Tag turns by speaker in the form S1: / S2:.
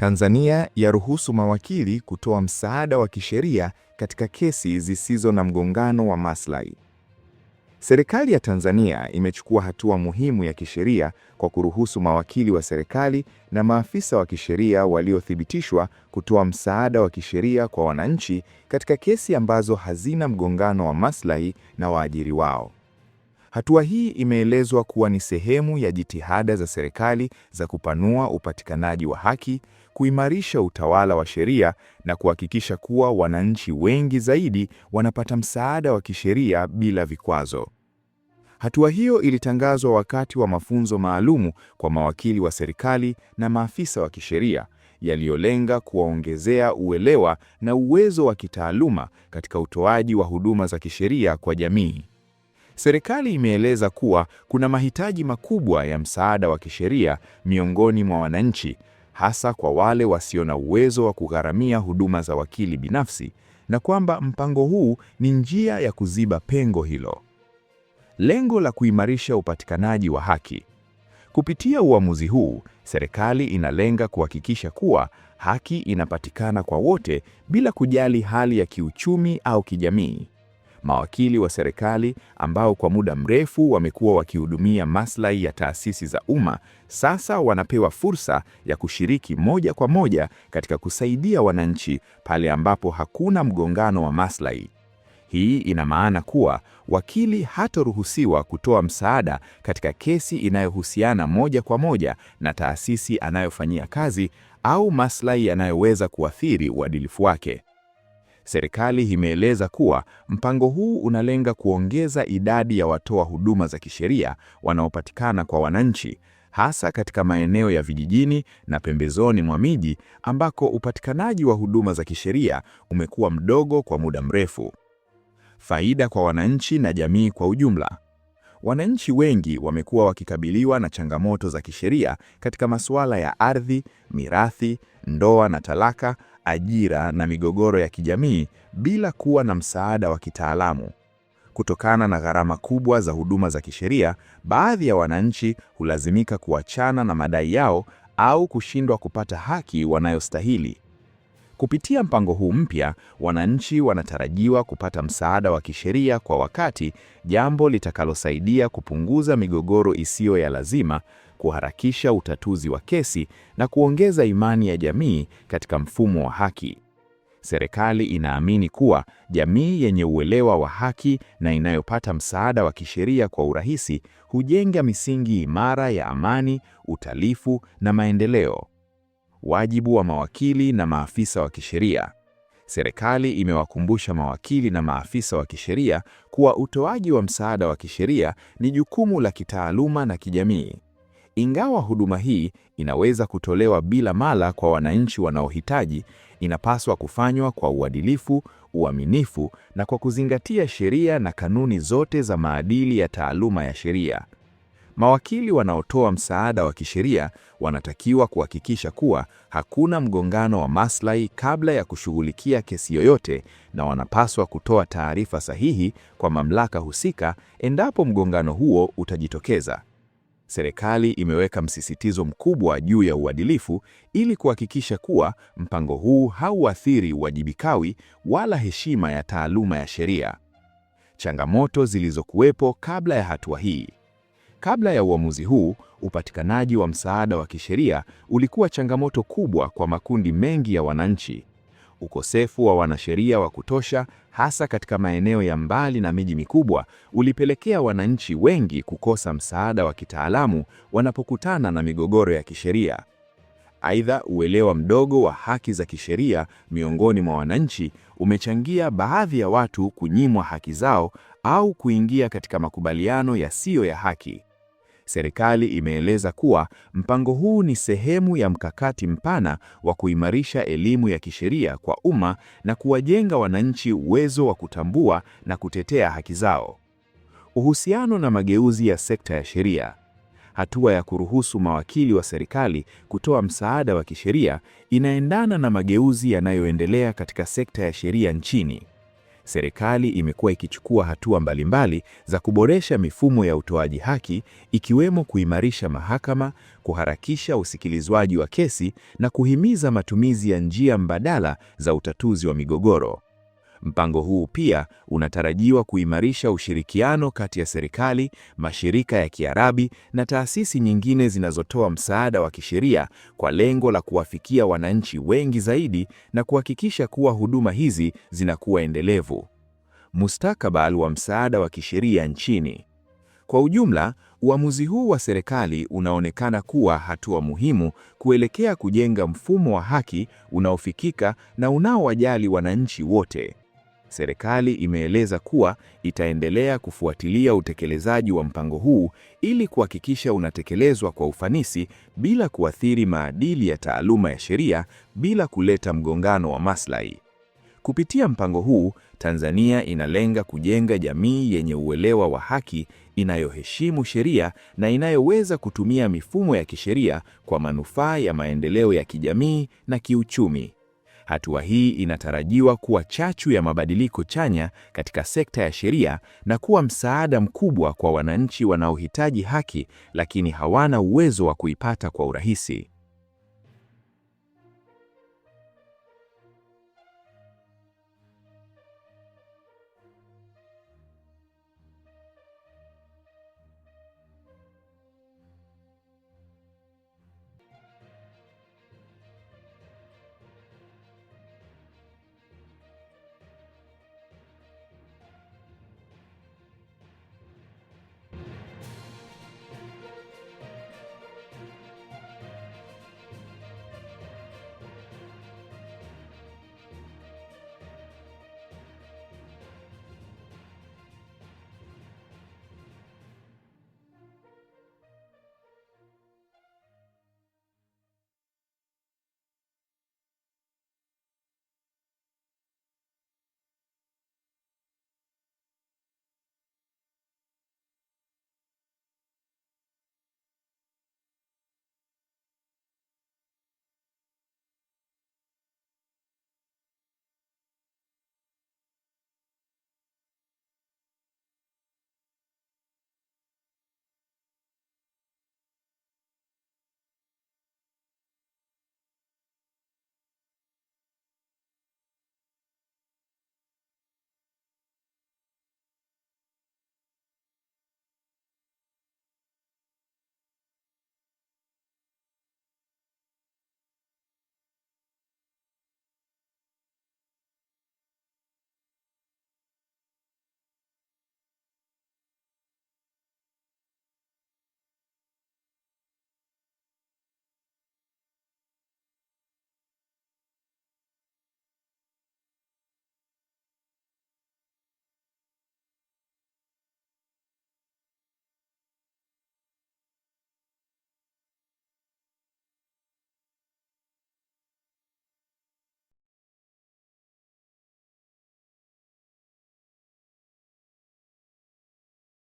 S1: Tanzania yaruhusu mawakili kutoa msaada wa kisheria katika kesi zisizo na mgongano wa maslahi. Serikali ya Tanzania imechukua hatua muhimu ya kisheria kwa kuruhusu mawakili wa serikali na maafisa wa kisheria waliothibitishwa kutoa msaada wa kisheria kwa wananchi katika kesi ambazo hazina mgongano wa maslahi na waajiri wao. Hatua hii imeelezwa kuwa ni sehemu ya jitihada za serikali za kupanua upatikanaji wa haki, kuimarisha utawala wa sheria na kuhakikisha kuwa wananchi wengi zaidi wanapata msaada wa kisheria bila vikwazo. Hatua hiyo ilitangazwa wakati wa mafunzo maalumu kwa mawakili wa serikali na maafisa wa kisheria yaliyolenga kuwaongezea uelewa na uwezo wa kitaaluma katika utoaji wa huduma za kisheria kwa jamii. Serikali imeeleza kuwa kuna mahitaji makubwa ya msaada wa kisheria miongoni mwa wananchi, hasa kwa wale wasio na uwezo wa kugharamia huduma za wakili binafsi, na kwamba mpango huu ni njia ya kuziba pengo hilo. Lengo la kuimarisha upatikanaji wa haki. Kupitia uamuzi huu, serikali inalenga kuhakikisha kuwa haki inapatikana kwa wote bila kujali hali ya kiuchumi au kijamii mawakili wa serikali ambao kwa muda mrefu wamekuwa wakihudumia maslahi ya taasisi za umma, sasa wanapewa fursa ya kushiriki moja kwa moja katika kusaidia wananchi pale ambapo hakuna mgongano wa maslahi. Hii ina maana kuwa wakili hatoruhusiwa kutoa msaada katika kesi inayohusiana moja kwa moja na taasisi anayofanyia kazi au maslahi yanayoweza kuathiri uadilifu wake. Serikali imeeleza kuwa mpango huu unalenga kuongeza idadi ya watoa huduma za kisheria wanaopatikana kwa wananchi, hasa katika maeneo ya vijijini na pembezoni mwa miji ambako upatikanaji wa huduma za kisheria umekuwa mdogo kwa muda mrefu. Faida kwa wananchi na jamii kwa ujumla. Wananchi wengi wamekuwa wakikabiliwa na changamoto za kisheria katika masuala ya ardhi, mirathi, ndoa na talaka ajira na migogoro ya kijamii bila kuwa na msaada wa kitaalamu. Kutokana na gharama kubwa za huduma za kisheria, baadhi ya wananchi hulazimika kuachana na madai yao au kushindwa kupata haki wanayostahili. Kupitia mpango huu mpya, wananchi wanatarajiwa kupata msaada wa kisheria kwa wakati, jambo litakalosaidia kupunguza migogoro isiyo ya lazima kuharakisha utatuzi wa kesi na kuongeza imani ya jamii katika mfumo wa haki. Serikali inaamini kuwa jamii yenye uelewa wa haki na inayopata msaada wa kisheria kwa urahisi hujenga misingi imara ya amani, utalifu na maendeleo. Wajibu wa mawakili na maafisa wa kisheria. Serikali imewakumbusha mawakili na maafisa wa kisheria kuwa utoaji wa msaada wa kisheria ni jukumu la kitaaluma na kijamii. Ingawa huduma hii inaweza kutolewa bila mala kwa wananchi wanaohitaji, inapaswa kufanywa kwa uadilifu, uaminifu na kwa kuzingatia sheria na kanuni zote za maadili ya taaluma ya sheria. Mawakili wanaotoa msaada wa kisheria wanatakiwa kuhakikisha kuwa hakuna mgongano wa maslahi kabla ya kushughulikia kesi yoyote, na wanapaswa kutoa taarifa sahihi kwa mamlaka husika endapo mgongano huo utajitokeza. Serikali imeweka msisitizo mkubwa juu ya uadilifu ili kuhakikisha kuwa mpango huu hauathiri uwajibikawi wala heshima ya taaluma ya sheria. Changamoto zilizokuwepo kabla ya hatua hii. Kabla ya uamuzi huu, upatikanaji wa msaada wa kisheria ulikuwa changamoto kubwa kwa makundi mengi ya wananchi. Ukosefu wa wanasheria wa kutosha, hasa katika maeneo ya mbali na miji mikubwa, ulipelekea wananchi wengi kukosa msaada wa kitaalamu wanapokutana na migogoro ya kisheria. Aidha, uelewa mdogo wa haki za kisheria miongoni mwa wananchi umechangia baadhi ya watu kunyimwa haki zao au kuingia katika makubaliano yasiyo ya haki. Serikali imeeleza kuwa mpango huu ni sehemu ya mkakati mpana wa kuimarisha elimu ya kisheria kwa umma na kuwajenga wananchi uwezo wa kutambua na kutetea haki zao. Uhusiano na mageuzi ya sekta ya sheria. Hatua ya kuruhusu mawakili wa serikali kutoa msaada wa kisheria inaendana na mageuzi yanayoendelea katika sekta ya sheria nchini serikali imekuwa ikichukua hatua mbalimbali za kuboresha mifumo ya utoaji haki, ikiwemo kuimarisha mahakama, kuharakisha usikilizwaji wa kesi na kuhimiza matumizi ya njia mbadala za utatuzi wa migogoro. Mpango huu pia unatarajiwa kuimarisha ushirikiano kati ya serikali, mashirika ya Kiarabi na taasisi nyingine zinazotoa msaada wa kisheria kwa lengo la kuwafikia wananchi wengi zaidi na kuhakikisha kuwa huduma hizi zinakuwa endelevu. Mustakabali wa msaada wa kisheria nchini. Kwa ujumla, uamuzi huu wa serikali unaonekana kuwa hatua muhimu kuelekea kujenga mfumo wa haki unaofikika na unaowajali wananchi wote. Serikali imeeleza kuwa itaendelea kufuatilia utekelezaji wa mpango huu ili kuhakikisha unatekelezwa kwa ufanisi bila kuathiri maadili ya taaluma ya sheria bila kuleta mgongano wa maslahi. Kupitia mpango huu, Tanzania inalenga kujenga jamii yenye uelewa wa haki, inayoheshimu sheria na inayoweza kutumia mifumo ya kisheria kwa manufaa ya maendeleo ya kijamii na kiuchumi. Hatua hii inatarajiwa kuwa chachu ya mabadiliko chanya katika sekta ya sheria na kuwa msaada mkubwa kwa wananchi wanaohitaji haki lakini hawana uwezo wa kuipata kwa urahisi.